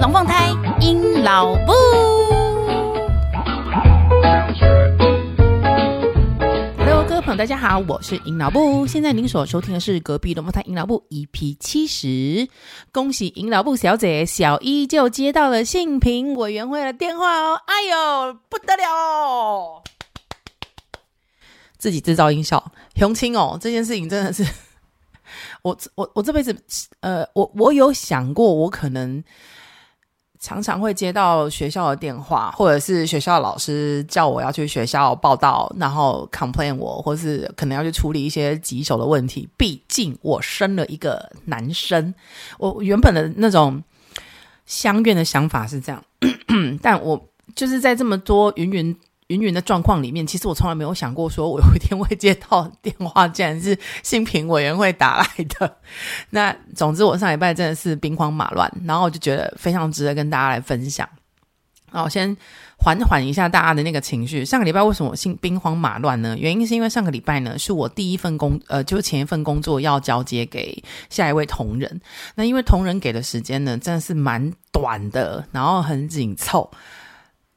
龍鳳胎陰老木，Hello，各位朋友大家好，我是陰老木。現在您所收聽的是隔壁龍鳳胎陰老木 EP 七十。恭喜陰老木小姐小一就接到了性平委員會的電話哦！哎呦，不得了！自己制造音效，鄉親哦，這件事情真的是我我我這輩子呃，我我有想過，我可能。常常會接到學校的電話，或者是學校的老師叫我要去學校報到，然後 complain 我，或是可能要去處理一些棘手的問題。畢竟我生了一個男生，我原本的那種相怨的想法是這樣， 但我就是在這麼多云云。云云的狀況裡面，其實我從來沒有想過，說我有一天會接到電話，竟然是性平委員會打來的。那總之，我上禮拜真的是兵荒馬亂，然後我就覺得非常值得跟大家來分享。然後先緩緩一下大家的那個情緒。上個禮拜為什麼我兵兵荒馬亂呢？原因是因為上個禮拜呢，是我第一份工，呃，就是前一份工作要交接給下一位同仁。那因為同仁給的時間呢，真的是蠻短的，然後很緊湊。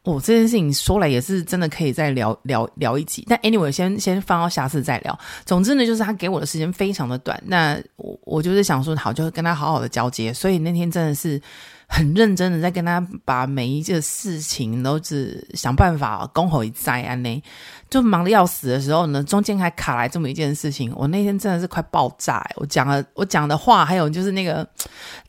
我、哦、這件事情說來也是真的，可以再聊聊聊一集，但 anyway 先先放到下次再聊。總之呢，就是他給我的時間非常的短，那我我就是想說，好，就跟他好好的交接。所以那天真的是。很認真的在跟他把每一件事情都是想辦法恭回在安內，就忙得要死的時候呢，中間還卡來這麼一件事情，我那天真的是快爆炸，欸，我講了我講的話，還有就是那個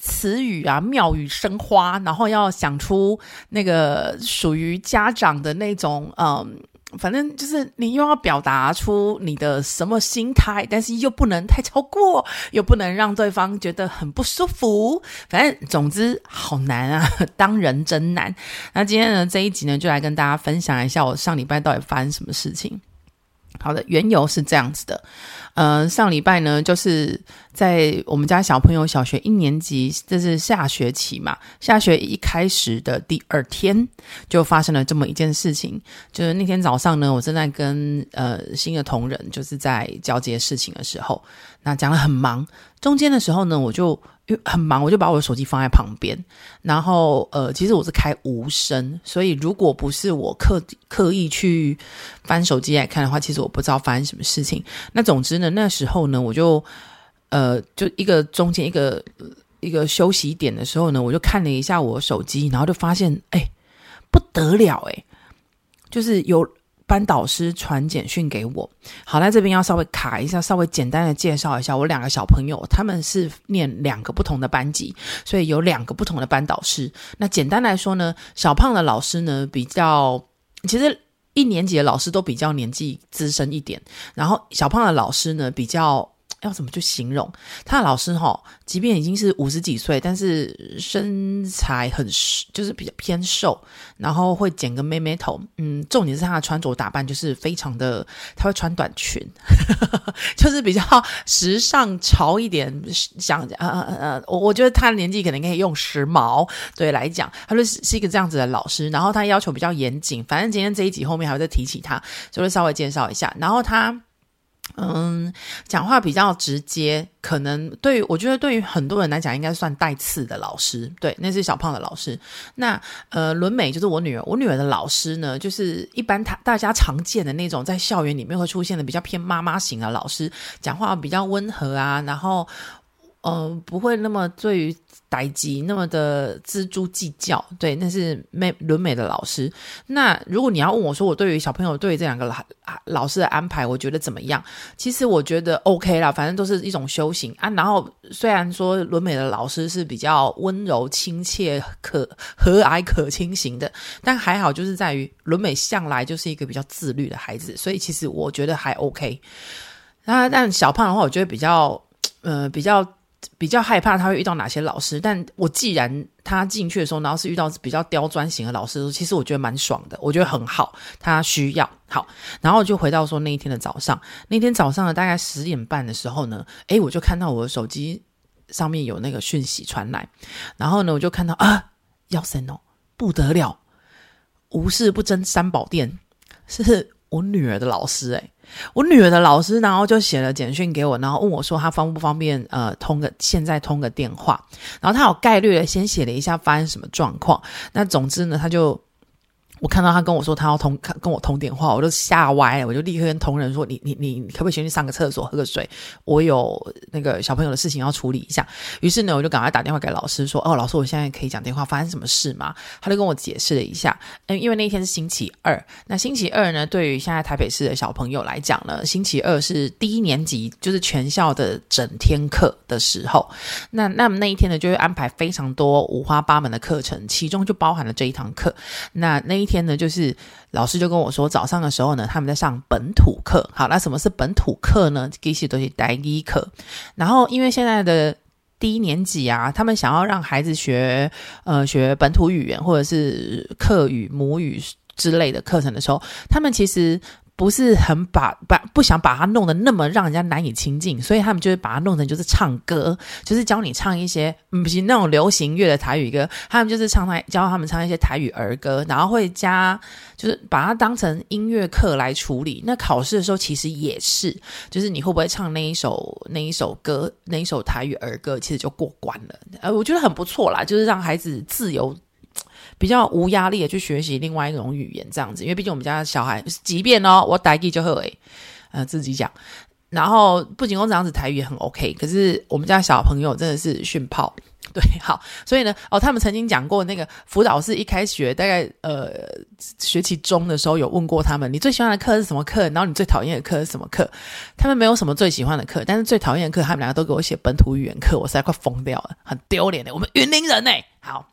詞語啊，妙語生花，然後要想出那個屬於家長的那種嗯。反正就是你又要表達出你的什麼心態，但是又不能太超過，又不能讓對方覺得很不舒服。反正總之好難啊，當人真難。那今天呢，這一集呢，就來跟大家分享一下我上禮拜到底發生什麼事情。好的，緣由是這樣子的，呃，上禮拜呢，就是在我們家小朋友小學一年級，這是下學期嘛，下學一開始的第二天，就發生了這麼一件事情。就是那天早上呢，我正在跟，呃，新的同仁，就是在交接事情的時候，那講得很忙，中間的時候呢，我就。因為很忙，我就把我的手機放在旁邊，然後呃，其實我是開無聲，所以如果不是我刻刻意去翻手機來看的話，其實我不知道發生什麼事情。那總之呢，那時候呢，我就呃，就一個中間一個一個休息點的時候呢，我就看了一下我的手機，然後就發現哎、欸、不得了哎、欸，就是有。班導師傳簡訊給我。好，那這邊要稍微卡一下，稍微簡單的介紹一下我兩個小朋友，他們是念兩個不同的班級，所以有兩個不同的班導師。那簡單來說呢，小胖的老師呢比較，其實一年級的老師都比較年紀資深一點，然後小胖的老師呢比較。要怎麼去形容他的老師哦？哈，即便已經是五十幾歲，但是身材很，就是比較偏瘦，然後會剪個妹妹頭。嗯，重點是他的穿着打扮就是非常的，他會穿短裙， 就是比較時尚潮一點。想呃呃呃，我我覺得他的年紀可能可以用時髦對來講，他，就是是一個這樣子的老師，然後他要求比較嚴謹。反正今天這一集後面還會再提起他，所以就是稍微介紹一下。然後他。嗯，講話比較直接，可能對於我覺得對於很多人來講，應該算帶刺的老師。對，那是小胖的老師。那呃，綸鎂就是我女兒，我女兒的老師呢，就是一般他大家常見的那種，在校園裡面會出現的比較偏媽媽型的老師，講話比較溫和啊，然後。呃，不會那麼對於傣擊那麼的錙銖計較，對，那是美綸鎂的老師。那如果你要問我說，我對於小朋友對於這兩個老、啊、老師的安排，我覺得怎麼樣？其實我覺得 OK 啦，反正都是一種修行啊。然後雖然說綸鎂的老師是比較溫柔、親切、可和藹可親型的，但還好，就是在於綸鎂向來就是一個比較自律的孩子，所以其實我覺得還 OK。那但小胖的話，我覺得比較，嗯、呃、比較。比較害怕他會遇到哪些老師，但我既然他進去的時候，然後是遇到比較刁鑽型的老師的時候，其實我覺得蠻爽的，我覺得很好，他需要好，然後就回到說那一天的早上，那天早上的大概十點半的時候呢，哎、欸，我就看到我的手機上面有那個訊息傳來，然後呢，我就看到啊，夭壽哦，不得了，無事不爭三寶殿，是我女兒的老師哎、欸。我女兒的老師，然後就寫了簡訊給我，然後問我說他方不方便，呃，通個現在通個電話，然後他有概略的先寫了一下發生什麼狀況，那總之呢，他就。我看到他跟我說他要通跟跟我通電話，我就嚇歪了，我就立刻跟同仁說：“你你你，你你可不可以先去上個廁所、喝個水？我有那個小朋友的事情要處理一下。”於是呢，我就趕快打電話給老師說：“哦，老師，我現在可以講電話，發生什麼事嗎？”他就跟我解釋了一下。嗯，因為那一天是星期二，那星期二呢，對於現在台北市的小朋友來講呢，星期二是第一年級，就是全校的整天課的時候。那那麼那一天呢，就會安排非常多五花八門的課程，其中就包含了這一堂課。那那一天，天呢，就是老師就跟我說，早上的時候呢，他們在上本土課。好，那什麼是本土課呢？這些都是台語課。然後，因為現在的低年級啊，他們想要讓孩子學呃學本土語言或者是客語、母語之類的課程的時候，他們其實。不是很把把不想把它弄得那麼讓人家難以親近，所以他們就會把它弄成就是唱歌，就是教你唱一些嗯不是那種流行樂的台語歌，他們就是唱台，教他們唱一些台語兒歌，然後會加就是把它當成音樂課來處理。那考試的時候其實也是，就是你會不會唱那一首那一首歌那一首台語兒歌，其實就過關了。呃，我覺得很不錯啦，就是讓孩子自由，比較無壓力的去學習另外一種語言，這樣子，因為畢竟我們家的小孩，即便哦，我台語就會，呃，自己講。然後不僅光這樣子，台語也很 OK，可是我們家小朋友真的是遜炮，對，好。所以呢，哦，他們曾經講過那個輔導室一開學大概呃學期中的時候有問過他們，你最喜歡的課是什麼課？然後你最討厭的課是什麼課？他們沒有什麼最喜歡的課，但是最討厭的課他們兩個都給我寫本土語言課，我實在快瘋掉了，很丟臉的，我們雲林人呢，好。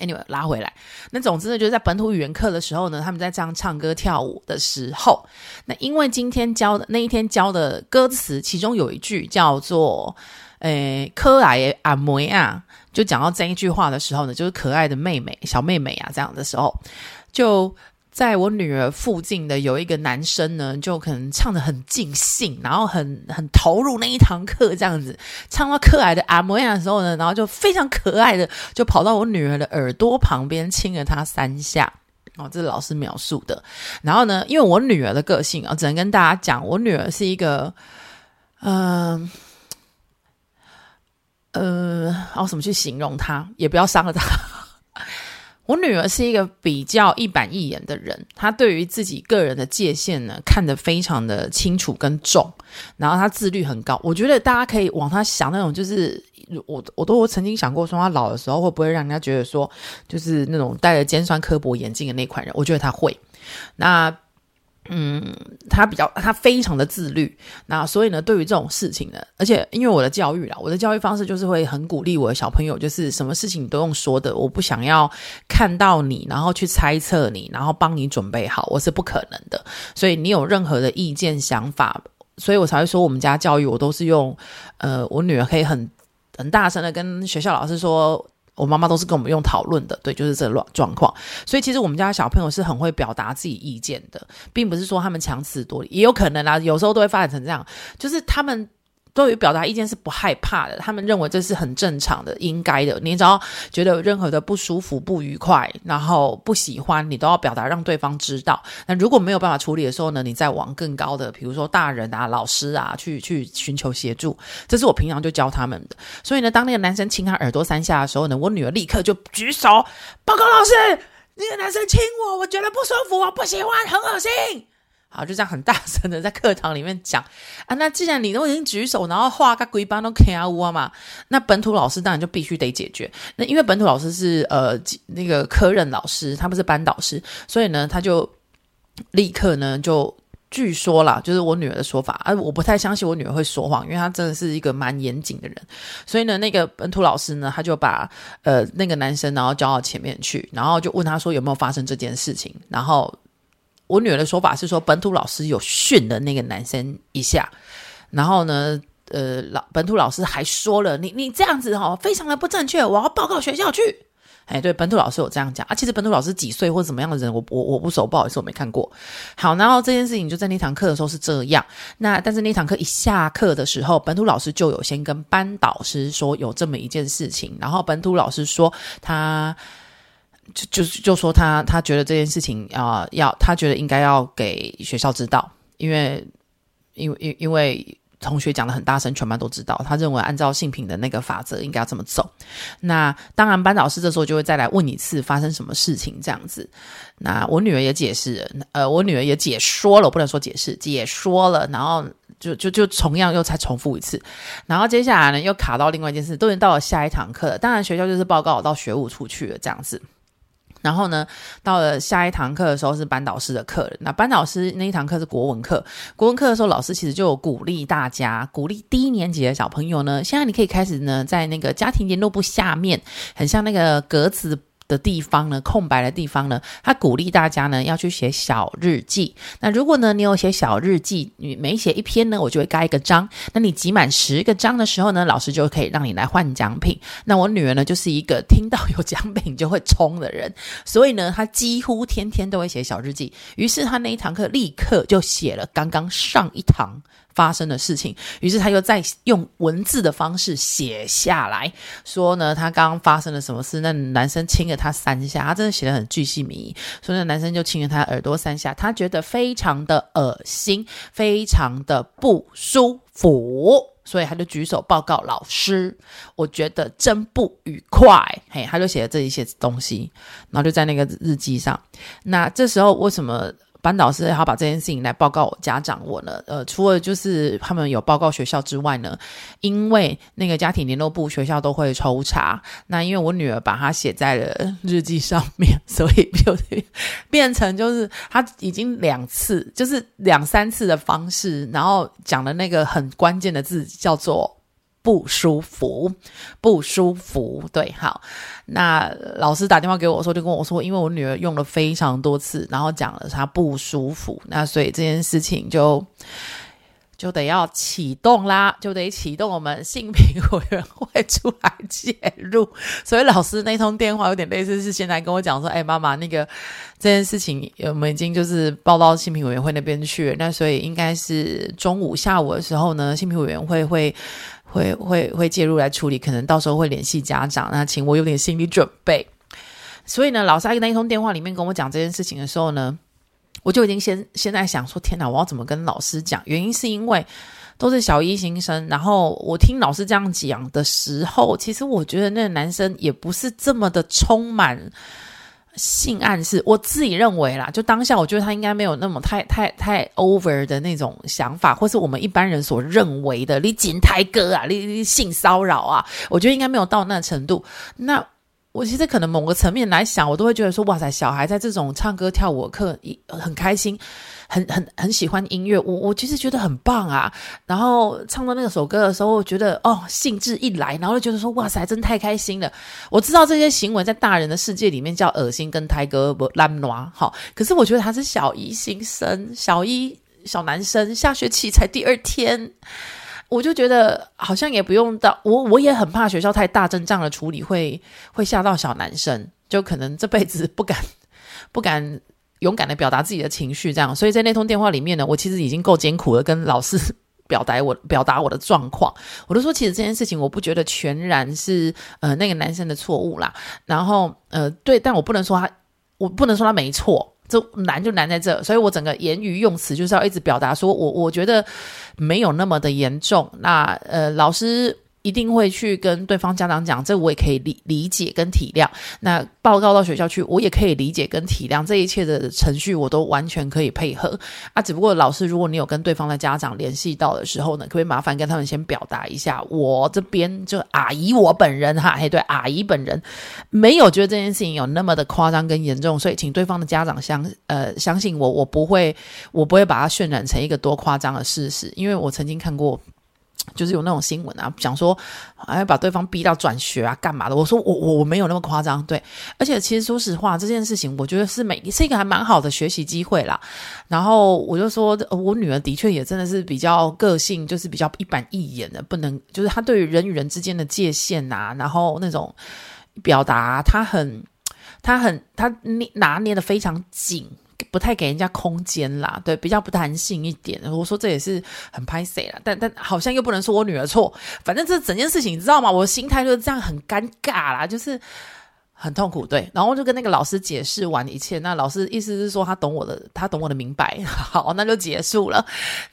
Anyway，拉回來。那總之呢，就是在本土語言課的時候呢，他們在這樣唱歌跳舞的時候，那因為今天教的那一天教的歌詞，其中有一句叫做“誒、欸，可愛阿妹啊，就講到這一句話的時候呢，就是可愛的妹妹，小妹妹啊，這樣的時候就。在我女兒附近的有一個男生呢，就可能唱得很盡興，然後很很投入那一堂課這樣子，唱到可愛的阿莫耶的時候呢，然後就非常可愛的就跑到我女兒的耳朵旁邊親了她三下。哦，這是老師描述的。然後呢，因為我女兒的個性啊，只能跟大家講，我女兒是一個，嗯、呃，呃，然後怎麼去形容她，也不要傷了她。我女兒是一個比較一板一眼的人，她對於自己個人的界限呢，看得非常的清楚跟重，然後她自律很高。我覺得大家可以往她想那種，就是我我都曾經想過說，她老的時候會不會讓人家覺得說，就是那種戴着尖酸刻薄眼鏡的那款人。我覺得她會。那。嗯，他比較，他非常的自律。那所以呢，對於這種事情呢，而且因為我的教育啦，我的教育方式就是會很鼓勵我的小朋友，就是什麼事情你都用說的，我不想要看到你，然後去猜測你，然後幫你準備好，我是不可能的。所以你有任何的意見想法，所以我才會說，我們家教育我都是用，呃，我女兒可以很很大聲的跟學校老師說。我媽媽都是跟我們用討論的，對，就是這個狀況。所以其實我們家小朋友是很會表達自己意見的，並不是說他們強詞奪理，也有可能啊。有時候都會發展成這樣，就是他們。對於表達意見是不害怕的，他們認為這是很正常的、應該的。你只要覺得任何的不舒服、不愉快，然後不喜歡，你都要表達讓對方知道。那如果沒有辦法處理的時候呢，你再往更高的，比如說大人啊、老師啊，去去尋求協助。這是我平常就教他們的。所以呢，當那個男生親他耳朵三下的時候呢，我女兒立刻就舉手報告老師：“那個男生親我，我覺得不舒服，我不喜歡，很噁心。”啊，就這樣很大聲的在課堂裡面講啊！那既然你都已經舉手，然後話個鬼班都開阿烏嘛，那本土老師當然就必須得解決。那因為本土老師是呃那個科任老師，他不是班導師，所以呢，他就立刻呢就據說啦，就是我女兒的說法啊，我不太相信我女兒會說謊，因為她真的是一個蠻嚴謹的人。所以呢，那個本土老師呢，他就把呃那個男生然後叫到前面去，然後就問他說有沒有發生這件事情，然後。我女兒的說法是說，本土老師有訓了那個男生一下，然後呢，呃，老本土老師還說了，你你這樣子哦，非常的不正確，我要報告學校去。哎，對，本土老師有這樣講啊。其實本土老師幾歲或者什麼樣的人，我我我不熟，不好意思，我沒看過。好，然後這件事情就在那堂課的時候是這樣。那但是那堂課一下課的時候，本土老師就有先跟班導師說有這麼一件事情，然後本土老師說他。就就就說他他覺得這件事情啊、呃、要他覺得應該要給學校知道，因為因為因因為同學講的很大聲，全班都知道。他認為按照性平的那個法則應該要這麼走。那當然班導師這時候就會再來問一次發生什麼事情這樣子。那我女兒也解釋了，呃，我女兒也解說了，我不能說解釋，解說了，然後就就就同樣又再重複一次。然後接下來呢又卡到另外一件事，都已經到了下一堂課了。當然學校就是報告我到學務處去了這樣子。然後呢，到了下一堂課的時候是班導師的課了，那班導師那一堂課是國文課，國文課的時候老師其實就有鼓勵大家，鼓勵低年級的小朋友呢，現在你可以開始呢，在那個家庭聯絡簿下面，很像那個格子。的地方呢，空白的地方呢，他鼓勵大家呢要去寫小日記。那如果呢你有寫小日記，你每寫一篇呢，我就會蓋一個章。那你集滿十個章的時候呢，老師就可以讓你來換獎品。那我女兒呢就是一個聽到有獎品就會衝的人，所以呢她幾乎天天都會寫小日記。於是她那一堂課立刻就寫了剛剛上一堂。發生的事情，於是他，又再用文字的方式寫下來，說呢，他剛剛發生了什麼事，那男生親了他三下，他真的寫得很巨細靡，所以那男生就親了他耳朵三下，他覺得非常的噁心，非常的不舒服，所以他就舉手報告老師，我覺得真不愉快，嘿，他就寫了這一些東西，然後就在那個日記上。那這時候為什麼班導師還要把這件事情來報告我家長我呢，呃，除了就是他們有報告學校之外呢，因為那個家庭聯絡簿學校都會抽查。那因為我女兒把她寫在了日記上面，所以就變成就是她已經兩次，就是兩三次的方式，然後講的那個很關鍵的字叫做。不舒服，不舒服，對，好。那老師打電話給我說，就跟我說，因為我女兒用了非常多次，然後講了她不舒服，那所以這件事情就就得要啟動啦，就得啟動我們性平委員會出來介入。所以老師那通電話有點類似是先來跟我講說，哎，媽媽，那個這件事情我們已經就是報到性平委員會那邊去了，那所以應該是中午下午的時候呢，性平委員會會，會。會會會介入來處理，可能到時候會聯繫家長，那請我有點心理準備。所以呢，老師在那一通電話裡面跟我講這件事情的時候呢，我就已經先現在想說，天哪，我要怎麼跟老師講？原因是因為都是小一新生，然後我聽老師這樣講的時候，其實我覺得那個男生也不是這麼的充滿。性暗示，我自己認為啦，就當下我覺得他應該沒有那麼太太太 over 的那種想法，或是我們一般人所認為的你緊台歌啊，你你性騷擾啊，我覺得應該沒有到那程度。那我其實可能某個層面來想，我都會覺得說，哇塞，小孩在這種唱歌跳舞課，很開心。很很很喜歡音樂，我我其實覺得很棒啊。然後唱到那首歌的時候，我覺得哦，興致一來，然後就覺得說，哇塞，真太開心了。我知道這些行為在大人的世界裡面叫噁心跟抬胳膊爛卵，好、哦。可是我覺得他是小一新生，小一小男生，下學期才第二天，我就覺得好像也不用到我，我也很怕學校太大陣仗的處理會會嚇到小男生，就可能這輩子不敢不敢。勇敢的表達自己的情緒，這樣，所以在那通電話裡面呢，我其實已經夠艱苦的跟老師表達我表達我的狀況，我都說其實這件事情我不覺得全然是呃那個男生的錯誤啦，然後呃對，但我不能說他，我不能說他沒錯，這難就難在這，所以我整個言語用詞就是要一直表達說我我覺得沒有那麼的嚴重，那呃老師。一定會去跟對方家長講，這我也可以理理解跟體諒。那報告到學校去，我也可以理解跟體諒這一切的程序，我都完全可以配合啊。只不過老師，如果你有跟對方的家長聯繫到的時候呢，可不可以麻煩跟他們先表達一下，我這邊就阿姨我本人哈，哎對，阿姨本人沒有覺得這件事情有那麼的誇張跟嚴重，所以請對方的家長相呃相信我，我不會我不會把它渲染成一個多誇張的事實，因為我曾經看過。就是有那種新聞啊，講說哎，要把對方逼到轉學啊，幹嘛的？我說我我我沒有那麼誇張，對。而且其實說實話，這件事情我覺得是每是一個還蠻好的學習機會啦。然後我就說我女兒的確也真的是比較個性，就是比較一板一眼的，不能就是她對於人與人之間的界限啊，然後那種表達她，她很她很她捏拿捏的非常緊。不太給人家空間啦，對，比較不彈性一點。我說這也是很歹勢了，但但好像又不能說我女兒錯，反正這整件事情你知道嗎？我的心態就是這樣，很尷尬啦，就是。很痛苦，對，然後就跟那個老師解釋完一切，那老師意思是說他懂我的，他懂我的明白，好，那就結束了。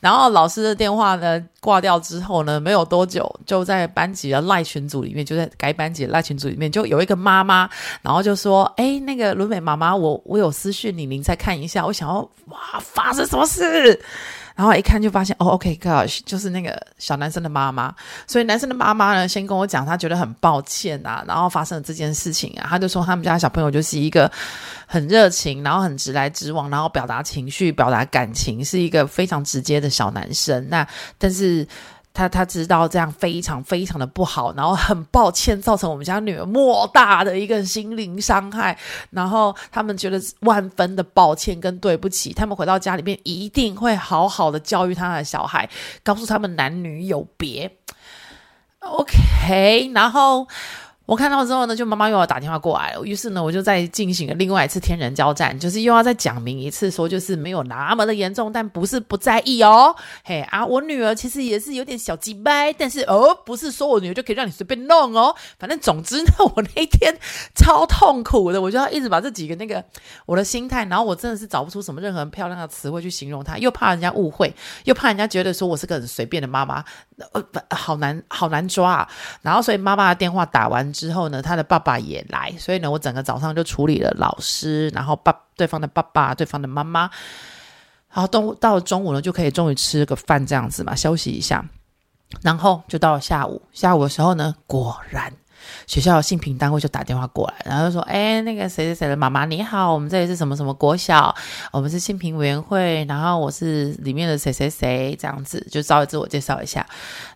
然後老師的電話呢掛掉之後呢，沒有多久就在班級的賴群組裡面，就在改班級賴群組裡面就有一個媽媽，然後就說：“哎，那個綸鎂媽媽，我我有私訊你，您再看一下，我想要哇發生什麼事。”然後一看就發現，哦，oh，OK，Gosh，okay，就是那個小男生的媽媽。所以男生的媽媽呢，先跟我講，他覺得很抱歉啊，然後發生了這件事情啊，他就說他們家小朋友就是一個很熱情，然後很直來直往，然後表達情緒、表達感情，是一個非常直接的小男生。那但是。他他知道這樣非常非常的不好，然後很抱歉造成我們家女兒莫大的一個心靈傷害，然後他們覺得萬分的抱歉跟對不起，他們回到家裡面一定會好好的教育他的小孩，告訴他們男女有別。OK，然後。我看到之後呢，就媽媽又要打電話過來了，於是呢，我就在進行了另外一次天人交戰，就是又要再講明一次，說就是沒有那麼的嚴重，但不是不在意哦。嘿啊，我女兒其實也是有點小雞掰，但是哦，不是說我女兒就可以讓你隨便弄哦。反正總之呢，我那一天超痛苦的，我就要一直把這幾個那個我的心態，然後我真的是找不出什麼任何漂亮的詞彙去形容她，又怕人家誤會，又怕人家覺得說我是個很隨便的媽媽，呃，呃好難好難抓啊。然後所以媽媽的電話打完。之後呢，他的爸爸也來，所以呢，我整個早上就處理了老師，然後爸對方的爸爸、對方的媽媽，然後到中午呢就可以終於吃個飯這樣子嘛，休息一下，然後就到了下午。下午的時候呢，果然學校的性平單位就打電話過來，然後就說：“哎、欸，那個誰誰誰的媽媽，你好，我們這裡是什麼什麼國小，我們是性平委員會，然後我是裡面的誰誰誰這樣子，就稍微自我介紹一下，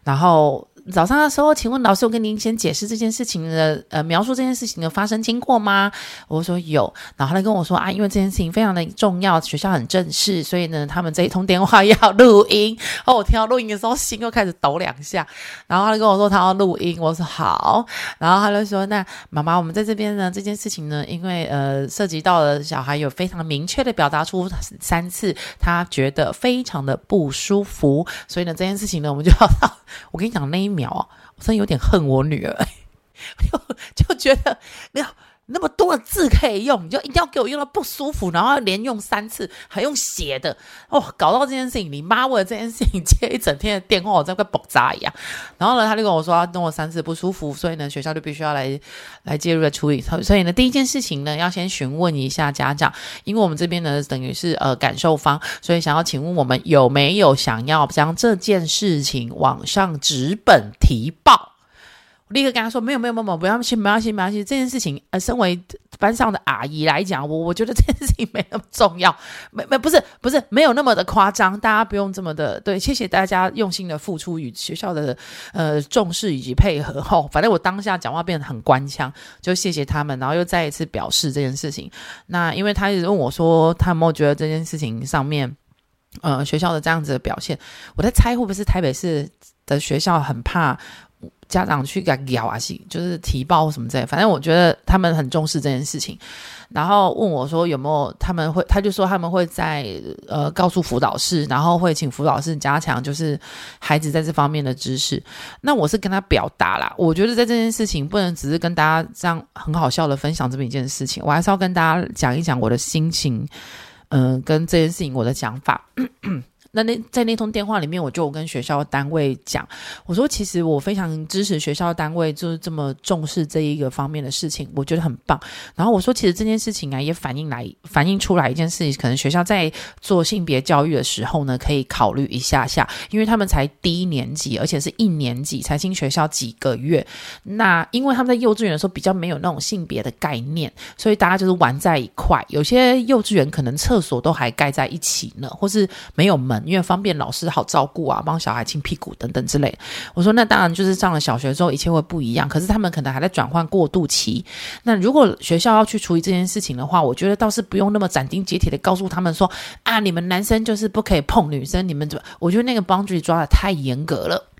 然後。”早上的時候，請問老師有跟您先解釋這件事情的呃，描述這件事情的發生經過嗎？我說有，然後他就跟我說啊，因為這件事情非常的重要，學校很正式，所以呢，他們這一通電話要錄音。哦，我聽到錄音的時候，心又開始抖兩下。然後他就跟我說他要錄音，我說好。然後他就說，那媽媽，我們在這邊呢，這件事情呢，因為呃，涉及到了小孩有非常明確的表達出三次，他覺得非常的不舒服，所以呢，這件事情呢，我們就要到，我跟你講那一。一秒啊！我真的有點恨我女兒， 就，就覺得你那麼多的字可以用，你就一定要給我用到不舒服，然後連用三次，還用寫的哦，搞到這件事情，你媽為了這件事情接一整天的電話，我真快爆炸一樣。然後呢，他就跟我說、啊、弄了三次不舒服，所以呢學校就必須要來來介入來處理。所以呢，第一件事情呢要先詢問一下家長，因為我們這邊呢等於是呃感受方，所以想要請問我們有沒有想要將這件事情往上紙本提報。我立刻跟他說：“沒有，沒有，沒有，不要信不要信不要信。這件事情，呃，身為班上的阿姨來講，我我覺得這件事情沒有那麼重要，沒沒，不是，不是，沒有那麼的誇張。大家不用這麼的對。謝謝大家用心的付出與學校的呃重視以及配合後，哦，反正我當下講話變得很官腔，就謝謝他們，然後又再一次表示這件事情。那因為他一直問我說，他有沒有覺得這件事情上面，呃，學校的這樣子的表現，我在猜，會不會是台北市的學校很怕？”家長去敢聊啊，就是提報什麼之類的，反正我覺得他們很重視這件事情。然後問我說有沒有他們會，他就說他們會在呃告訴輔導室，然後會請輔導室加強就是孩子在這方面的知識。那我是跟他表達啦，我覺得在這件事情不能只是跟大家這樣很好笑的分享這麼一件事情，我還是要跟大家講一講我的心情，嗯、呃，跟這件事情我的想法。 那那在那通電話裡面，我就跟學校單位講，我說其實我非常支持學校單位就是這麼重視這一個方面的事情，我覺得很棒。然後我說，其實這件事情啊，也反映來反映出來一件事情，可能學校在做性別教育的時候呢，可以考慮一下下，因為他們才低年級，而且是一年級才進學校幾個月，那因為他們在幼稚園的時候比較沒有那種性別的概念，所以大家就是玩在一塊，有些幼稚園可能廁所都還蓋在一起呢，或是沒有門。因為方便老師好照顧啊，幫小孩親屁股等等之類。我說那當然，就是上了小學之後，一切會不一樣。可是他們可能還在轉換過渡期。那如果學校要去處理這件事情的話，我覺得倒是不用那麼斬釘截鐵地告訴他們說啊，你們男生就是不可以碰女生，你們怎麼？我覺得那個 boundary 抓得太嚴格了。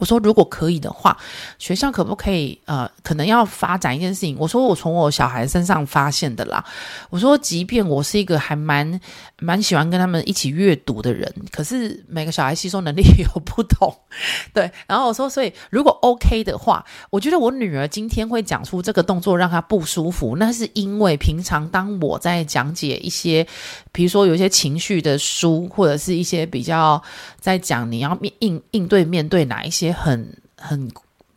我說，如果可以的話，學校可不可以呃，可能要發展一件事情？我說，我從我小孩身上發現的啦。我說，即便我是一個還蠻蠻喜歡跟他們一起閱讀的人，可是每個小孩吸收能力有不同，對。然後我說，所以如果 OK 的話，我覺得我女兒今天會講出這個動作讓她不舒服，那是因為平常當我在講解一些，比如說有一些情緒的書，或者是一些比較在講你要面應應對面對哪一些。很很，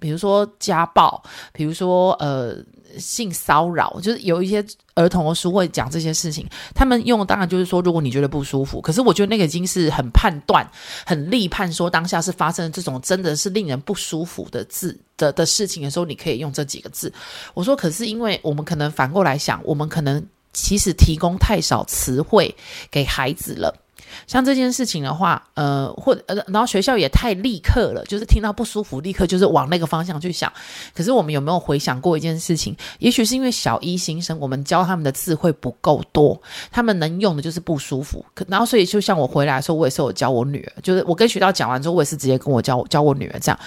比如說家暴，比如說呃性騷擾，就是有一些兒童的書會講這些事情。他們用的當然就是說，如果你覺得不舒服，可是我覺得那個已經是很判斷、很立判，說當下是發生這種真的是令人不舒服的字的的事情的時候，你可以用這幾個字。我說可是，因為我們可能反過來想，我們可能其實提供太少詞彙給孩子了。像這件事情的話，呃，或者呃，然後學校也太立刻了，就是聽到不舒服，立刻就是往那個方向去想。可是我們有沒有回想過一件事情？也許是因為小一新生，我們教他們的字彙不夠多，他們能用的就是不舒服。可然後，所以就像我回來的時候，我也是有教我女兒，就是我跟學校講完之後，我也是直接跟我教教我女兒這樣。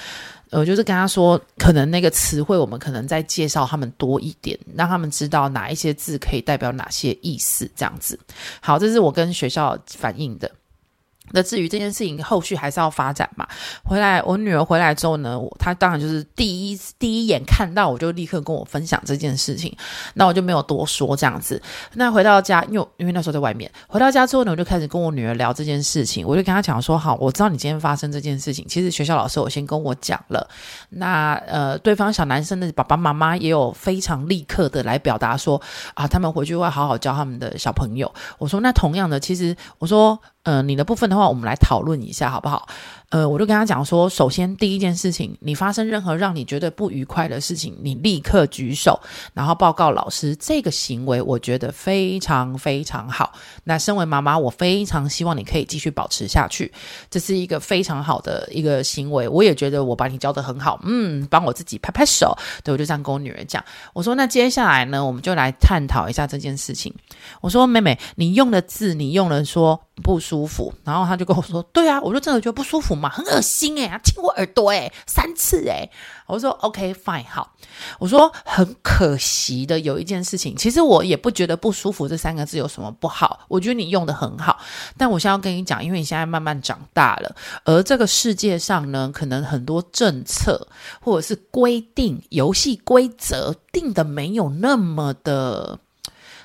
我、呃、就是跟他說，可能那個詞彙，我們可能再介紹他們多一點，讓他們知道哪一些字可以代表哪些意思，這樣子。好，這是我跟學校反映的。那至於這件事情後續還是要發展嘛？回來，我女兒回來之後呢，我，她當然就是第一第一眼看到我就立刻跟我分享這件事情，那我就沒有多說這樣子。那回到家，因為因為那時候在外面，回到家之後呢，我就開始跟我女兒聊這件事情，我就跟她講說：好，我知道你今天發生這件事情，其實學校老師有先跟我講了。那呃，對方小男生的爸爸媽媽也有非常立刻的來表達說：啊，他們回去會好好教他們的小朋友。我說那同樣的，其實我說。嗯、呃，你的部分的話，我們來討論一下，好不好？呃，我就跟他講說，首先第一件事情，你發生任何讓你覺得不愉快的事情，你立刻舉手，然後報告老師。這個行為我覺得非常非常好。那身為媽媽，我非常希望你可以繼續保持下去，這是一個非常好的一個行為。我也覺得我把你教得很好，嗯，幫我自己拍拍手。對，我就這樣跟我女兒講，我說那接下來呢，我們就來探討一下這件事情。我說妹妹，你用的字，你用了說不舒服，然後他就跟我說，對啊，我就真的覺得不舒服。嘛，很噁心他、欸、親我耳朵，誒、欸，三次誒、欸，我說 OK fine 好，我說，很可惜的有一件事情，其實我也不覺得不舒服，這三個字有什麼不好？我覺得你用的很好，但我先要跟你講，因為你現在慢慢長大了，而這個世界上呢，可能很多政策或者是規定、遊戲規則定的沒有那麼的。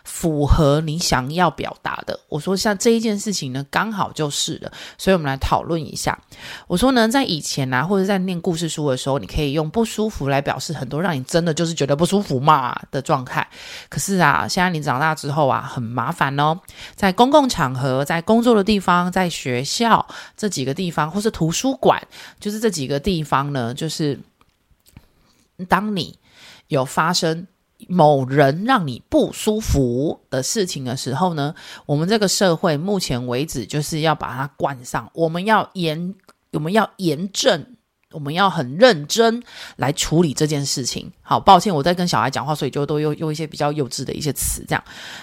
符合你想要表達的，我說像這一件事情呢，剛好就是了，所以我們來討論一下。我說呢，在以前啊，或者在念故事書的時候，你可以用不舒服來表示很多讓你真的就是覺得不舒服嘛的狀態。可是啊，現在你長大之後啊，很麻煩哦，在公共場合、在工作的地方、在學校這幾個地方，或是圖書館，就是這幾個地方呢，就是當你有發生。某人讓你不舒服的事情的時候呢，我們這個社會目前為止就是要把它關上，我們要嚴，我們要嚴正。我們要很認真來處理這件事情。好，抱歉我在跟小孩講話，所以就都用用一些比較幼稚的一些詞這樣。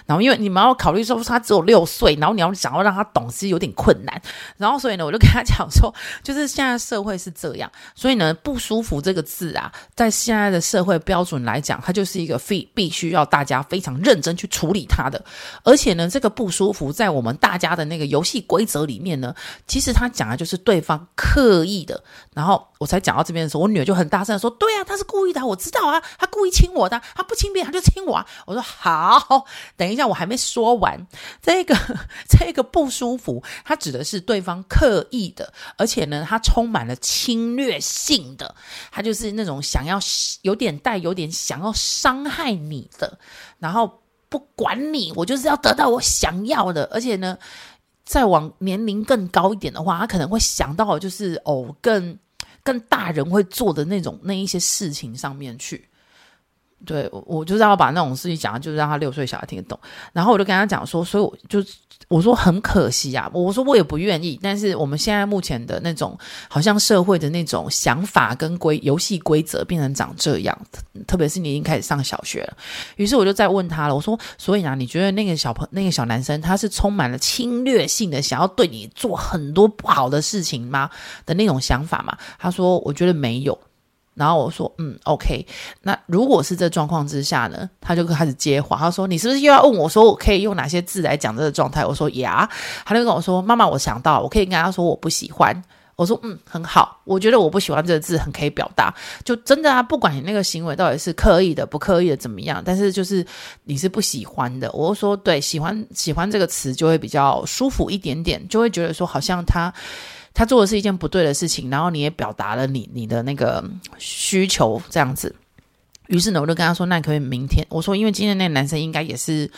然後，因為你們要考慮說，他只有六歲，然後你要想要讓他懂，其實有點困難。然後，所以呢，我就跟他講說，就是現在社會是這樣，所以呢，不舒服這個字啊，在現在的社會標準來講，它就是一個非必須要大家非常認真去處理它的。而且呢，這個不舒服在我們大家的那個遊戲規則裡面呢，其實他講的就是對方刻意的，然後。我才講到這邊的時候，我女兒就很大聲地說：“對啊，她是故意的，我知道啊，她故意親我的，她不親別人，她就親我啊。”我說：“好，等一下，我還沒說完。”這個這個不舒服，她指的是對方刻意的，而且呢，她充滿了侵略性的，她就是那種想要有點帶有點想要傷害你的，然後不管你，我就是要得到我想要的。而且呢，再往年齡更高一點的話，她可能會想到就是哦，更。跟大人會做的那種，那一些事情上面去。對，我我就知道把那種事情講，就是讓他六歲小孩聽得懂。然後我就跟他講說，所以我就我說很可惜啊，我說我也不願意，但是我們現在目前的那種，好像社會的那種想法跟規，遊戲規則變成長這樣，特別是你已經開始上小學了。於是我就再問他了，我說，所以呢，你覺得那個小朋那個小男生他是充滿了侵略性的，想要對你做很多不好的事情嗎？的那種想法嘛？他說，我覺得沒有。然後我說，嗯，OK。那如果是這狀況之下呢，他就開始接話。他說：“你是不是又要問我說我可以用哪些字來講這個狀態？”我說：“呀。”他就跟我說：“媽媽，我想到，我可以跟他說我不喜歡。”我說：“嗯，很好，我覺得我不喜歡這個字很可以表達。就真的啊，不管你那個行為到底是刻意的、不刻意的怎麼樣，但是就是你是不喜歡的。我說對，喜歡喜歡這個詞就會比較舒服一點點，就會覺得說好像他。”他做的是一件不對的事情，然後你也表達了你你的那個需求這樣子，於是呢，我就跟他說：“那你可不可以明天？”我說：“因為今天那個男生應該也是，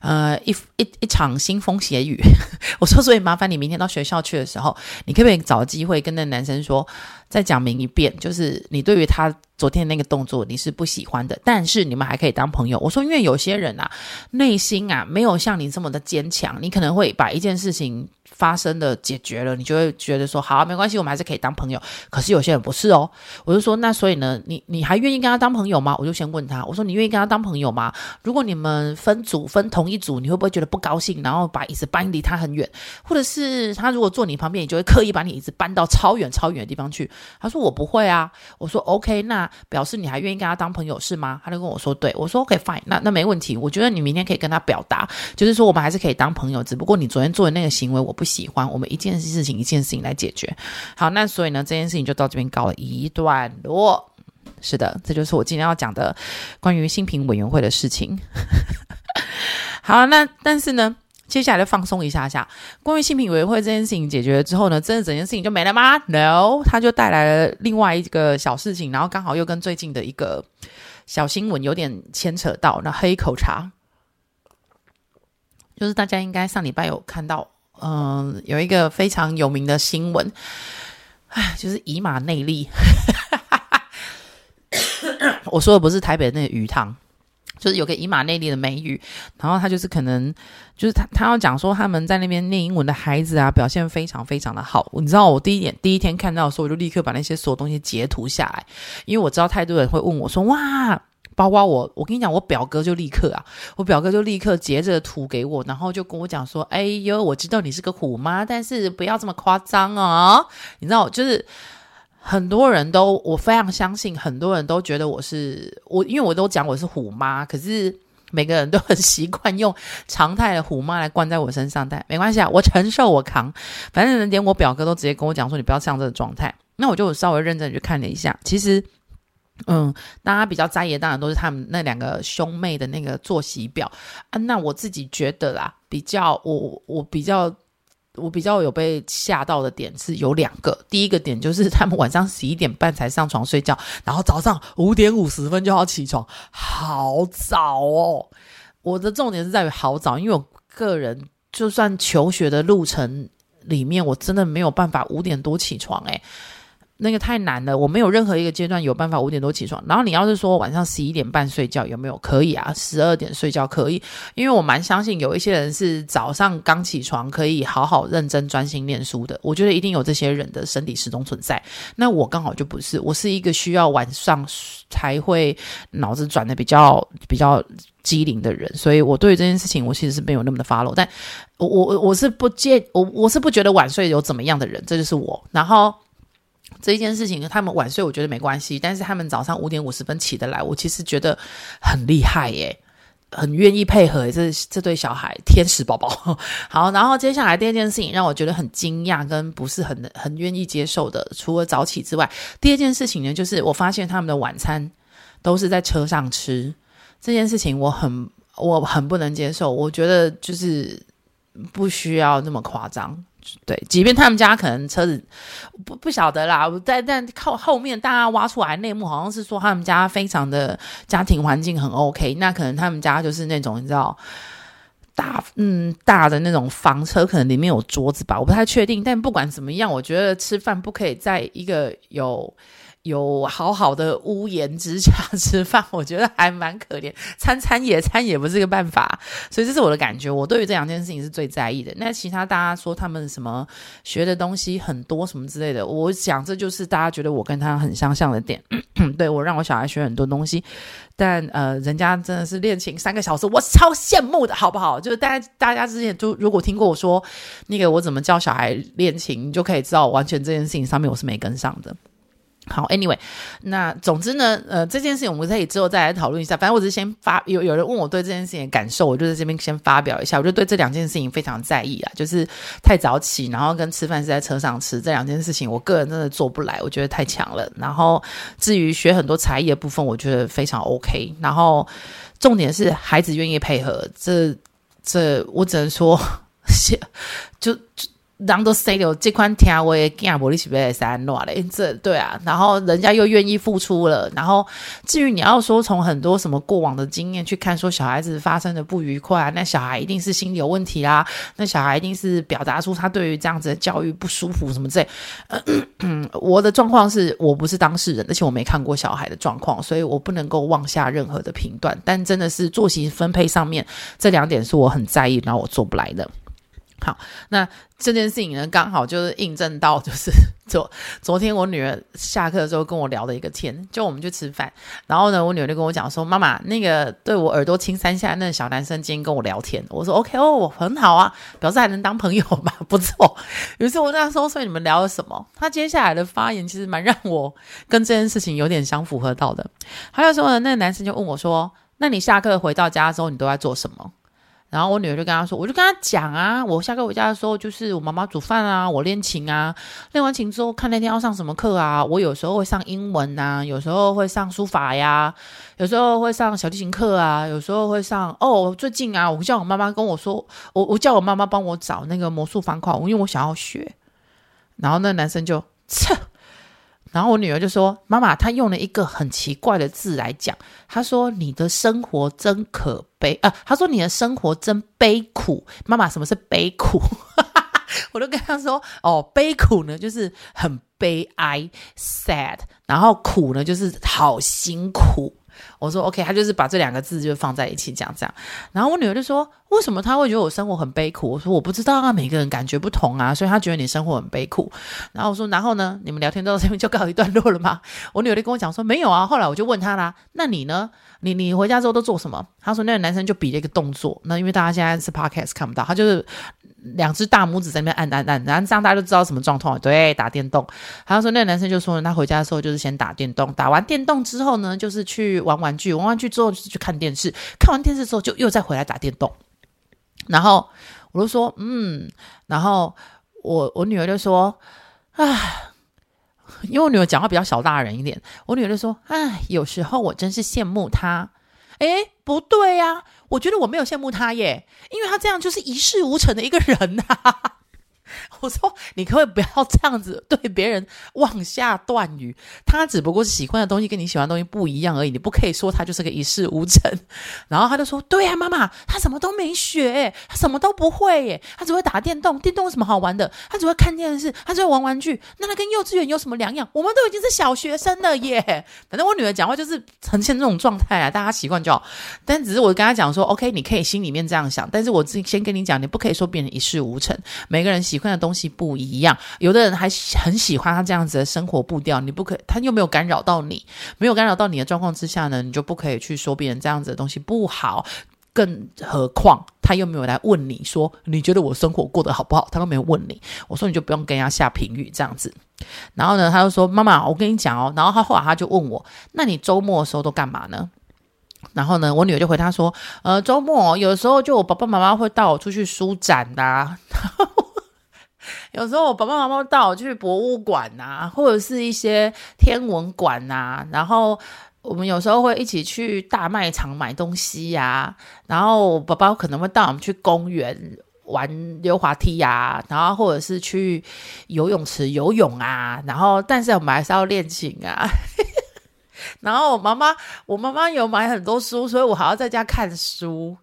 呃，一一一場腥風血雨。 ”我說：“所以麻煩你明天到學校去的時候，你可不可以找機會跟那男生說。”再講明一遍，就是你對於他昨天那個動作你是不喜歡的，但是你們還可以當朋友。我說，因為有些人啊，內心啊沒有像你這麼的堅強，你可能會把一件事情發生的解決了，你就會覺得說好啊，沒關係，我們還是可以當朋友。可是有些人不是哦，我就說那所以呢，你你還願意跟他當朋友嗎？我就先問他，我說你願意跟他當朋友嗎？如果你們分組分同一組，你會不會覺得不高興，然後把椅子搬離他很遠，或者是他如果坐你旁邊，你就會刻意把你椅子搬到超遠超遠的地方去。他說我不會啊，我說 OK，那表示你還願意跟他當朋友是嗎？他就跟我說對，我說 OK fine，那那沒問題，我覺得你明天可以跟他表達，就是說我們還是可以當朋友，只不過你昨天做的那個行為我不喜歡，我們一件事情一件事情來解決。好，那所以呢這件事情就到這邊告了一段落，是的，這就是我今天要講的關於性平委員會的事情。 好，那但是呢？接下來再放鬆一下下，關於性平委員會這件事情解決了之後呢，真的整件事情就沒了嗎？No，他就帶來了另外一個小事情，然後剛好又跟最近的一個小新聞有點牽扯到。那喝一口茶，就是大家應該上禮拜有看到，嗯、呃，有一個非常有名的新聞，哎，就是以馬內利， 我說的不是台北的那個魚湯。就是有個以馬內利的美語，然後他就是可能，就是他他要講說他們在那邊念英文的孩子啊，表現非常非常的好。你知道我第一眼第一天看到的時候，我就立刻把那些所有東西截圖下來，因為我知道太多人會問我說，哇，包括我，我跟你講，我表哥就立刻啊，我表哥就立刻截着圖給我，然後就跟我講說，哎呦，我知道你是個虎媽，但是不要這麼誇張哦，你知道，就是。很多人都，我非常相信，很多人都覺得我是我，因為我都講我是虎媽，可是每個人都很習慣用常態的虎媽來灌在我身上，但沒關係啊，我承受，我扛，反正連我表哥都直接跟我講說，你不要像這個狀態，那我就稍微認真去看了一下，其實，嗯，大家比較在意，當然都是他們那兩個兄妹的那個作息表啊，那我自己覺得啦，比較我我比較。我比較有被嚇到的點是有兩個，第一個點就是他們晚上十一點半才上床睡覺，然後早上五點五十分就要起床，好早哦！我的重點是在於好早，因為我個人就算求學的路程裡面，我真的沒有辦法五點多起床哎、欸。那個太難了，我沒有任何一個階段有辦法五點多起床。然後你要是說晚上十一點半睡覺，有沒有可以啊？十二點睡覺可以，因為我蠻相信有一些人是早上剛起床可以好好認真專心念書的。我覺得一定有這些人的身體時鐘存在。那我剛好就不是，我是一個需要晚上才會腦子轉得比較比較機靈的人，所以我對於這件事情我其實是沒有那麼的發愁。但我，我我我是不介我我是不覺得晚睡有怎麼樣的人，這就是我。然後。這一件事情，他們晚睡我覺得沒關係，但是他們早上五點五十分起得來，我其實覺得很厲害耶，很願意配合。這這對小孩，天使寶寶。好，然後接下來第二件事情讓我覺得很驚訝，跟不是很很願意接受的，除了早起之外，第二件事情呢，就是我發現他們的晚餐都是在車上吃，這件事情我很我很不能接受，我覺得就是。不需要那麼誇張，對，即便他們家可能車子不不曉得啦，但但靠，後面大家挖出來內幕好像是說他們家非常的家庭環境很 OK，那可能他們家就是那種你知道大嗯，大的那種房車，可能裡面有桌子吧，我不太確定，但不管怎麼樣，我覺得吃飯不可以在一個有。有好好的屋檐之下吃飯，我覺得還蠻可憐。餐餐野餐也不是個辦法，所以這是我的感覺。我對於這兩件事情是最在意的。那其他大家說他們什麼學的東西很多什麼之類的，我想這就是大家覺得我跟他很相像的點。 對，我讓我小孩學很多東西，但呃，人家真的是練琴三個小時，我超羨慕的，好不好？就是大家大家之前都如果聽過我說，那個我怎麼教小孩練琴，你就可以知道完全這件事情上面我是沒跟上的。好，Anyway，那總之呢，呃，這件事情我們可以之後再來討論一下。反正我只是先發，有有人問我對這件事情的感受，我就在這邊先發表一下。我就對這兩件事情非常在意啊，就是太早起，然後跟吃飯是在車上吃這兩件事情，我個人真的做不來，我覺得太強了。然後至於學很多才藝的部分，我覺得非常 OK。然後重點是孩子願意配合，這這我只能說，就 就。就都塞了這款 T 是不是？對啊，然後人家又願意付出了。然後至於你要說，從很多什麼過往的經驗去看，說小孩子發生的不愉快、啊，那小孩一定是心理有問題啦、啊，那小孩一定是表達出他對於這樣子的教育不舒服什麼之類。 我的狀況是我不是當事人，而且我沒看過小孩的狀況，所以我不能夠妄下任何的評斷。但真的是作息分配上面這兩點是我很在意，然後我做不來的。好，那這件事情呢，剛好就是印證到，就是昨昨天我女兒下課的時候跟我聊了一個天，就我們去吃飯，然後呢，我女兒就跟我講說：“媽媽，那個對我耳朵輕三下，那個小男生今天跟我聊天。”我說：“OK 哦，我很好啊，表示還能當朋友嘛，不錯。”於是我在說：“所以你們聊了什麼？”他接下來的發言其實蠻讓我跟這件事情有點相符合到的。還有時候呢，那個男生就問我說：‘那你下課回到家之後，你都在做什麼？”然後我女兒就跟她說，我就跟她講啊，我下課回家的時候就是我媽媽煮飯啊，我練琴啊，練完琴之後看那天要上什麼課啊，我有時候會上英文吶、啊，有時候會上書法呀，有時候會上小提琴課啊，有時候會上哦，最近啊，我叫我媽媽跟我說，我我叫我媽媽幫我找那個魔術方塊，我因為我想要學，然後那個男生就操。然後我女兒就說：“媽媽，她用了一個很奇怪的字來講，她說你的生活真可悲。”啊，呃，她說：“你的生活真悲苦。”媽媽，什麼是悲苦？ 我都跟她說：“哦，悲苦呢，就是很悲哀 （sad），然後苦呢，就是好辛苦。”我說 OK，他就是把這兩個字就放在一起講這樣，然後我女兒就說：“為什麼他會覺得我生活很悲苦？”我說：“我不知道啊，每個人感覺不同啊，所以他覺得你生活很悲苦。”然後我說：“然後呢？你們聊天到這邊就告一段落了嗎？”我女兒就跟我講說：“沒有啊。”後來我就問他啦：“那你呢？你你回家之後都做什麼？”他說：“那個男生就比了一個動作，那因為大家現在是 Podcast 看不到，他就是兩只大拇指在那邊按按按，然後這樣大家就知道什麼狀況。對，打電動。”然後說：“那個男生就說他回家的時候就是先打電動，打完電動之後呢，就是去玩玩。”玩具玩完，玩具之後就去看電視，看完電視之後就又再回來打電動。然後我就說，嗯，然後我我女兒就說，啊，因為我女兒講話比較小大人一點，我女兒就說，唉，有時候我真是羨慕她。哎、欸，不對呀、啊，我覺得我沒有羨慕她耶，因為她這樣就是一事無成的一個人吶、啊。我說：“你可不可以不要這樣子對別人妄下斷語，他只不過是喜歡的東西跟你喜歡的東西不一樣而已，你不可以說他就是個一事無成。”然後他就說：“對呀，媽媽，他什麼都沒學欸，他什麼都不會耶，他只會打電動，電動有什麼好玩的？他只會看電視，他只會玩玩具，那他跟幼稚園有什麼兩樣？我們都已經是小學生了耶！反正我女兒講話就是呈現這種狀態啊，大家習慣就好。但只是我跟她講說，OK，你可以心裡面這樣想，但是我自己先跟你講，你不可以說別人一事無成，每個人喜歡的東西。”東西不一樣，有的人還很喜歡他這樣子的生活步調。你不可以，他又沒有干擾到你，沒有干擾到你的狀況之下呢，你就不可以去說別人這樣子的東西不好。更何況他又沒有來問你說，你覺得我生活過得好不好？他都沒有問你。我說你就不用跟他下評語這樣子。然後呢，他就說：“媽媽，我跟你講哦。”然後他後來他就問我：“那你週末的時候都幹嘛呢？”然後呢，我女兒就回他說：“呃，週末有時候就我爸爸媽媽會帶我出去舒展啊。 ”有時候我爸爸媽媽帶我去博物館吶、啊，或者是一些天文館吶、啊，然後我們有時候會一起去大賣場買東西呀、啊。然後我爸爸可能會帶我們去公園玩溜滑梯呀、啊，然後或者是去游泳池游泳啊。然後但是我們還是要練琴啊。 然後我媽媽，我媽媽有買很多書，所以我還要在家看書。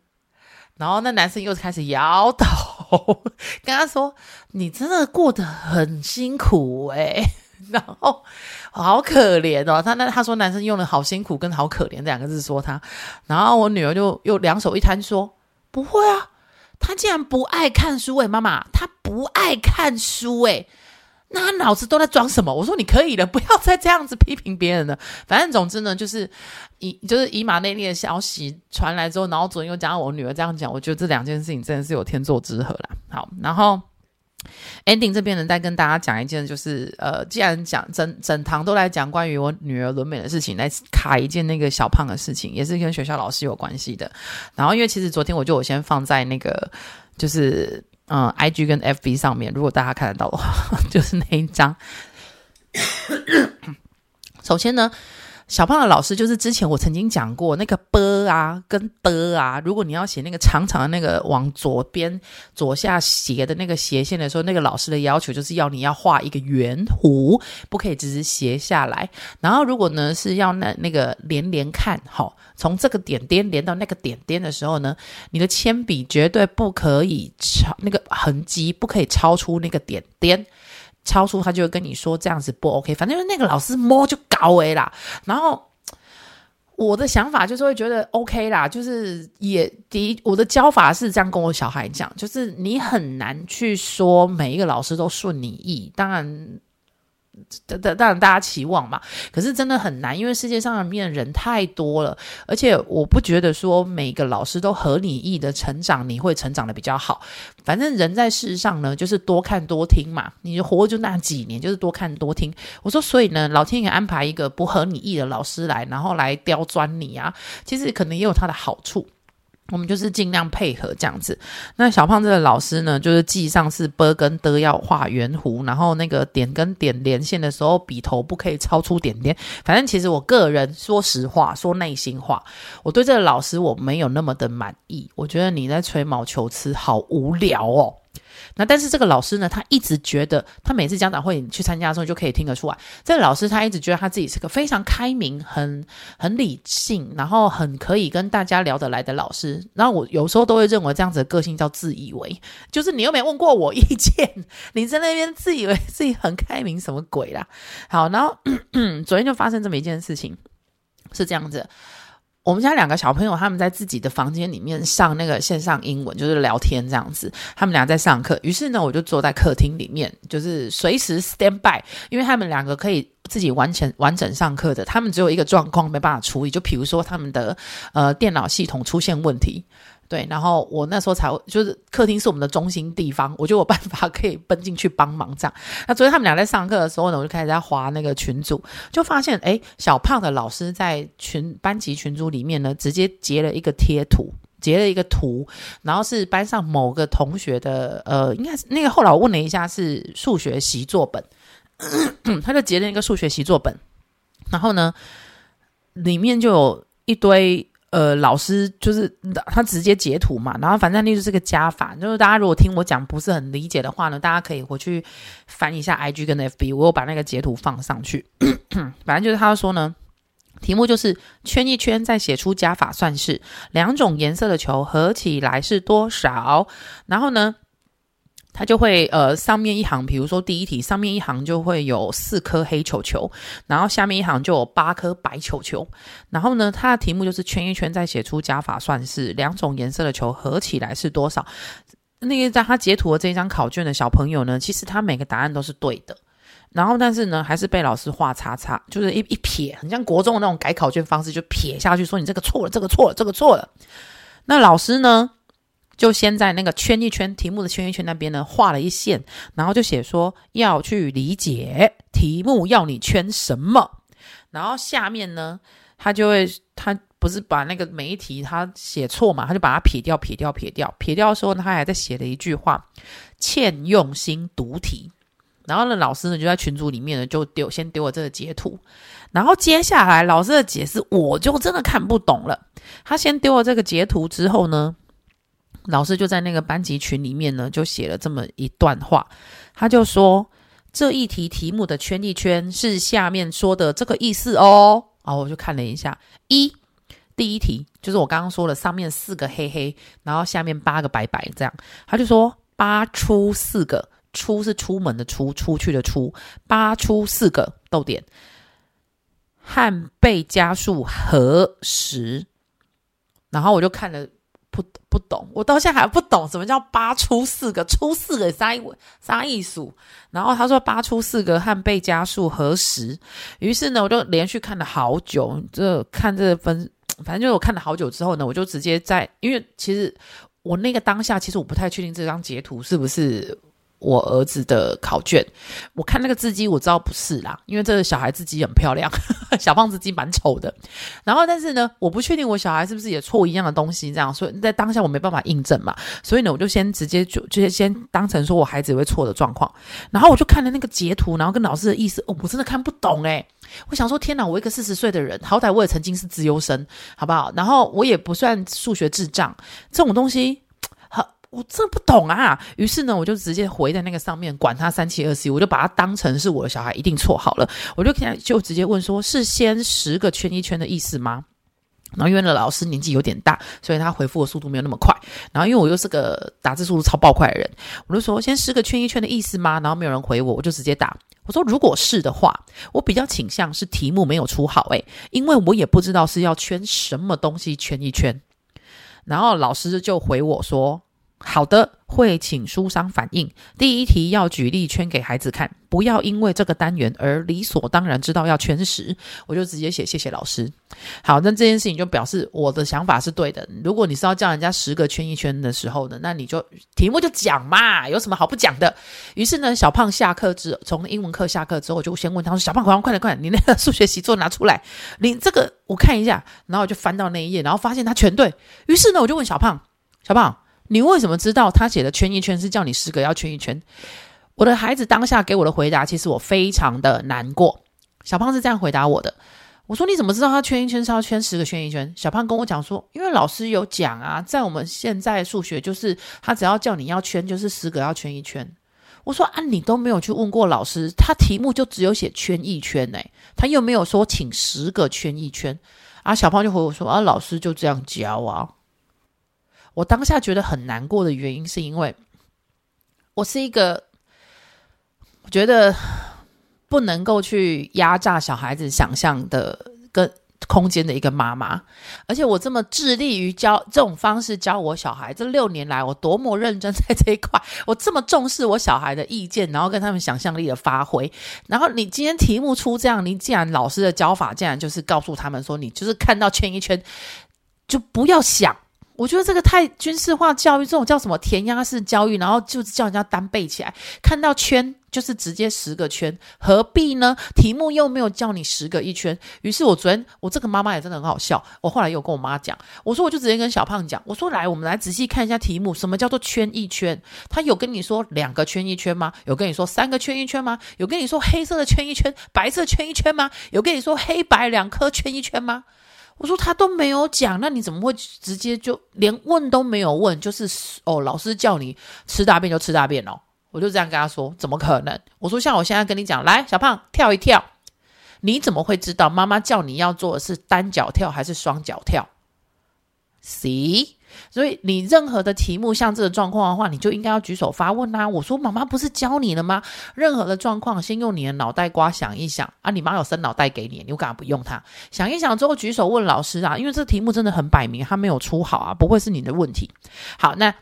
然後那男生又開始搖頭。跟他說：“你真的過得很辛苦欸， 然後好可憐哦。”他那他說男生用了“好辛苦”跟“好可憐”這兩個字說他，然後我女兒就又兩手一攤說：“不會啊，他竟然不愛看書欸，媽媽，他不愛看書欸。”那他腦子都在裝什麼？我說你可以了，不要再這樣子批評別人了。反正總之呢，就是以就是以馬內利的消息傳來之後，然後昨天又講到我女兒這樣講，我覺得這兩件事情真的是有天作之合啦。好，然後 ending 這邊呢，再跟大家講一件，就是呃，既然講整整堂都來講關於我女兒綸鎂的事情，來卡一件那個小胖的事情，也是跟學校老師有關係的。然後因為其實昨天我就我先放在那個就是。嗯，IG 跟 FB 上面，如果大家看得到的話，就是那一張。 首先呢。小胖的老師就是之前我曾經講過那個 ㄅ 啊跟 ㄉ 啊，如果你要寫那個長長的、那個往左邊左下斜的那個斜線的時候，那個老師的要求就是要你要畫一個圓弧，不可以只是斜下來。然後如果呢是要那那個連連看，齁，從這個點點連到那個點點的時候呢，你的鉛筆絕對不可以超那個痕跡，不可以超出那個點點。超出他就會跟你說這樣子不 OK，反正那個老師摸就搞哎啦。然後我的想法就是會覺得 OK 啦，就是也的我的教法是這樣跟我小孩講，就是你很難去說每一個老師都順你意，當然。當當然，大家期望嘛，可是真的很難，因為世界上面人太多了，而且我不覺得說每個老師都合你意的成長，你會成長的比較好。反正人在世上呢，就是多看多聽嘛，你活就那幾年，就是多看多聽。我說，所以呢，老天爺安排一個不合你意的老師來，然後來刁鑽你啊。其實可能也有他的好處。我們就是盡量配合這樣子。那小胖這個老師呢，就是記上是 b 跟 d 要畫圓弧，然後那個點跟點連線的時候，筆頭不可以超出點點。反正其實我個人說實話，說內心話，我對這個老師我沒有那麼的滿意。我覺得你在吹毛求疵，好無聊哦。那但是這個老師呢，他一直覺得，他每次家長會你去參加的時候，就可以聽得出來，這個老師他一直覺得他自己是個非常開明、很很理性，然後很可以跟大家聊得來的老師。然後我有時候都會認為這樣子的個性叫自以為，就是你又沒問過我意見，你在那邊自以為自己很開明，什麼鬼啦？好，然後、嗯嗯、昨天就發生這麼一件事情，是這樣子的。我們家兩個小朋友，他們在自己的房間裡面上那個線上英文，就是聊天這樣子。他們倆在上課，於是呢，我就坐在客廳裡面，就是隨時 stand by，因為他們兩個可以自己完全完整上課的。他們只有一個狀況沒辦法處理，就比如說他們的呃電腦系統出現問題。對，然後我那時候才就是客廳是我們的中心地方，我就有辦法可以奔進去幫忙這樣。那昨天他們倆在上課的時候呢，我就開始在滑那個群組，就發現誒，小胖的老師在群班級群組裡面呢，直接截了一個貼圖，截了一個圖，然後是班上某個同學的呃，應該是那個後來我問了一下，是數學習作本，咳咳咳，他就截了一個數學習作本，然後呢，裡面就有一堆。呃，老師就是他直接截圖嘛，然後反正那就是個加法，就是大家如果聽我講不是很理解的話呢，大家可以回去翻一下 IG 跟 FB，我有把那個截圖放上去。 反正就是他說呢，題目就是圈一圈，再寫出加法算式，兩種顏色的球合起來是多少？然後呢？他就會呃，上面一行，比如說第一題上面一行就會有四顆黑球球，然後下面一行就有八顆白球球。然後呢，他的題目就是圈一圈，再寫出加法算式，兩種顏色的球合起來是多少？那個在他截圖的這一張考卷的小朋友呢，其實他每個答案都是對的，然後但是呢，還是被老師畫叉叉，就是一一撇，很像國中的那種改考卷方式，就撇下去說你這個錯了，這個錯了，這個錯了。那老師呢？就先在那個圈一圈題目的圈一圈那邊呢畫了一線，然後就寫說要去理解題目要你圈什麼，然後下面呢，他就會他不是把那個每一題他寫錯嘛，他就把它撇掉撇掉撇掉撇掉的時候呢，他還在寫了一句話，欠用心讀題。然後呢，老師呢就在群組裡面呢，就丟先丟了這個截圖，然後接下來老師的解釋我就真的看不懂了，他先丟了這個截圖之後呢。老師就在那個班級群裡面呢，就寫了這麼一段話，他就說這一題題目的圈一圈是下面說的這個意思哦。啊，我就看了一下，一，第一題就是我剛剛說的上面四個黑黑，然後下面八個白白這樣。他就說八出四個，出是出門的出，出去的出，八出四個逗點，漢被加數和十。然後我就看了。不不懂，我到現在還不懂什麼叫八出四個，出四個三三一數。然後他說八出四個和被加數和十，於是呢我就連續看了好久，這看這分，反正就是我看了好久之後呢，我就直接在，因為其實我那個當下其實我不太確定這張截圖是不是。我兒子的考卷，我看那個字跡，我知道不是啦，因為這個小孩字跡很漂亮，小胖子字跡蠻醜的。然後，但是呢，我不確定我小孩是不是也錯一樣的東西，這樣，所以在當下我沒辦法印證嘛。所以呢，我就先直接就直接先當成說我孩子會錯的狀況。然後我就看了那個截圖，然後跟老師的意思，哦，我真的看不懂誒、欸，我想說，天哪，我一個四十歲的人，好歹我也曾經是資優生，好不好？然後我也不算數學智障，這種東西。我真不懂啊！於是呢，我就直接回在那個上面，管他三七二十一，我就把它當成是我的小孩一定錯好了。我就現在就直接問說：“是先十個圈一圈的意思嗎？”然後因為那老師年紀有點大，所以他回覆的速度沒有那麼快。然後因為我又是個打字速度超爆快的人，我就說：“先十個圈一圈的意思嗎？”然後沒有人回我，我就直接打我說：“如果是的話，我比較傾向是題目沒有出好，誒，因為我也不知道是要圈什麼東西圈一圈。”然後老師就回我說。好的，會請書商反映。第一題要舉例圈給孩子看，不要因為這個單元而理所當然知道要圈十。我就直接寫謝謝老師。好，那這件事情就表示我的想法是對的。如果你是要叫人家十個圈一圈的時候呢，那你就題目就講嘛，有什麼好不講的？於是呢，小胖下課之從英文課下課之後，我就先問他說：“小胖，快快快，你那個數學習作拿出來，你這個我看一下。”然後我就翻到那一頁，然後發現他全對。於是呢，我就問小胖：“小胖。”你為什麼知道他寫的圈一圈是叫你十個要圈一圈？我的孩子當下給我的回答，其實我非常的難過。小胖是這樣回答我的：我說你怎麼知道他圈一圈是要圈十個圈一圈？小胖跟我講說，因為老師有講啊，在我們現在數學就是他只要叫你要圈，就是十個要圈一圈。我說啊，你都沒有去問過老師，他題目就只有寫圈一圈欸，他又沒有說請十個圈一圈啊。小胖就回我說啊，老師就這樣教啊。我當下覺得很難過的原因，是因為我是一個我覺得不能夠去壓榨小孩子想象的跟空間的一個媽媽，而且我這麼致力於教這種方式教我小孩，這六年來我多麼認真在這一塊，我這麼重視我小孩的意見，然後跟他們想象力的發揮。然後你今天題目出這樣，你既然老師的教法竟然就是告訴他們說，你就是看到圈一圈就不要想。我覺得這個太軍事化教育，這種叫什麼填鴨式教育，然後就是叫人家單背起來，看到圈就是直接十個圈，何必呢？題目又沒有叫你十個一圈。於是，我昨天我這個媽媽也真的很好笑，我後來又跟我媽講，我說我就直接跟小胖講，我說來，我們來仔細看一下題目，什麼叫做圈一圈？他有跟你說兩個圈一圈嗎？有跟你說三個圈一圈嗎？有跟你說黑色的圈一圈，白色的圈一圈嗎？有跟你說黑白兩顆圈一圈嗎？我說他都沒有講，那你怎麼會直接就連問都沒有問？就是哦，老師叫你吃大便就吃大便哦，我就這樣跟他說，怎麼可能？我說像我現在跟你講，來，小胖跳一跳，你怎麼會知道媽媽叫你要做的是單腳跳還是雙腳跳？See。所以你任何的題目像這個狀況的話，你就應該要舉手發問啊！我說媽媽不是教你了嗎？任何的狀況先用你的腦袋瓜想一想啊！你媽有生腦袋給你，你又幹嘛不用它？想一想之後舉手問老師啊！因為這題目真的很擺明，他沒有出好啊，不會是你的問題。好，那。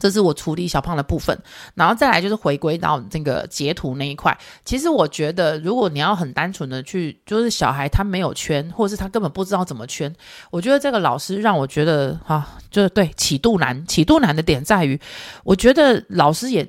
這是我處理小胖的部分，然後再來就是回歸到這個截圖那一塊。其實我覺得，如果你要很單純的去，就是小孩他沒有圈，或者是他根本不知道怎麼圈，我覺得這個老師讓我覺得啊，就是對，尺度難，尺度難的點在於，我覺得老師也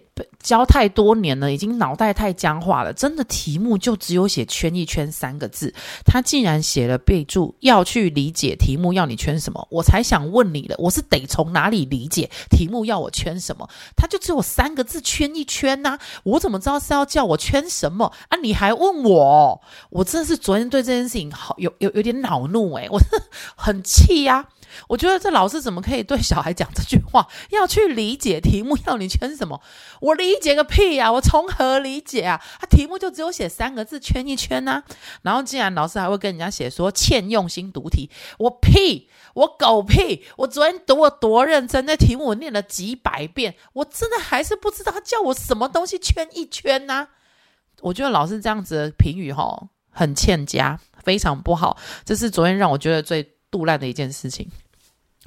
教太多年了，已經腦袋太僵化了。真的題目就只有寫圈一圈三個字，他竟然寫了備注要去理解題目要你圈什麼，我才想問你了。我是得從哪裡理解題目要我圈什麼？他就只有三個字圈一圈吶，我怎麼知道是要叫我圈什麼啊？你還問我，我真的是昨天對這件事情好有有有點惱怒誒。我是很氣呀。我覺得這老師怎麼可以對小孩講這句話？要去理解題目，要你圈什麼？我理解個屁呀，啊！我從何理解啊？他，啊、題目就只有寫三個字，圈一圈吶，啊。然後竟然老師還會跟人家寫說欠用心讀題，我屁，我狗屁！我昨天讀我多認真，那題目我念了幾百遍，我真的還是不知道他叫我什麼東西圈一圈吶，啊？我覺得老師這樣子的評語哈，哦，很欠佳，非常不好。這是昨天讓我覺得最肚爛的一件事情。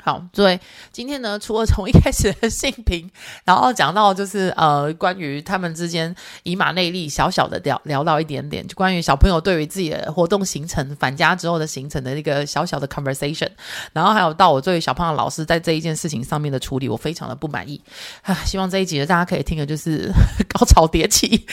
好，所以今天呢，除了從一開始的性平，然後講到就是呃，關於他們之間以馬內利小小的聊聊到一點點，就關於小朋友對於自己的活動行程返家之後的行程的一個小小的 conversation，然後還有到我作為小胖的老師在這一件事情上面的處理，我非常的不滿意啊！希望這一集大家可以聽的，就是高潮迭起。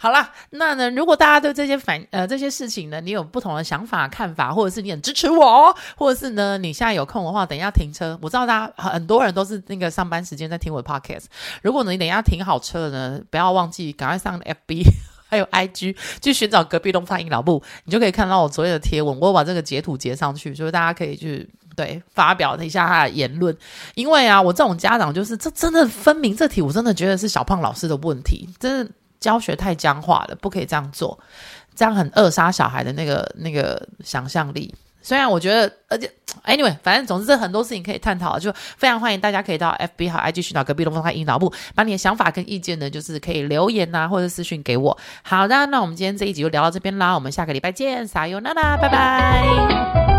好啦，那呢，如果大家對這些反呃這些事情呢，你有不同的想法看法，或者是你很支持我，或者是呢你現在有空的話，等一下聽車，我知道大家很多人都是那個上班時間在聽我的 podcast。如果你等一下停好車呢，不要忘記趕快上 FB 還有 IG 去尋找隔壁龍鳳胎陰老木，你就可以看到我昨天的貼文。我把這個截圖截上去，就是大家可以去對發表一下他的言論。因為啊，我這種家長就是這真的分明這題，我真的覺得是小胖老師的問題，真的教學太僵化了，不可以這樣做，這樣很扼殺小孩的那個那個想象力。雖然我覺得，而且，anyway，反正，總之，這很多事情可以探討，就非常歡迎大家可以到 FB 和 IG 尋找隔壁龍鳳胎陰老木，把你的想法跟意見呢，就是可以留言吶、啊，或者私訊給我。好的，那我們今天這一集就聊到這邊啦，我們下個禮拜見，撒由那拉，拜拜。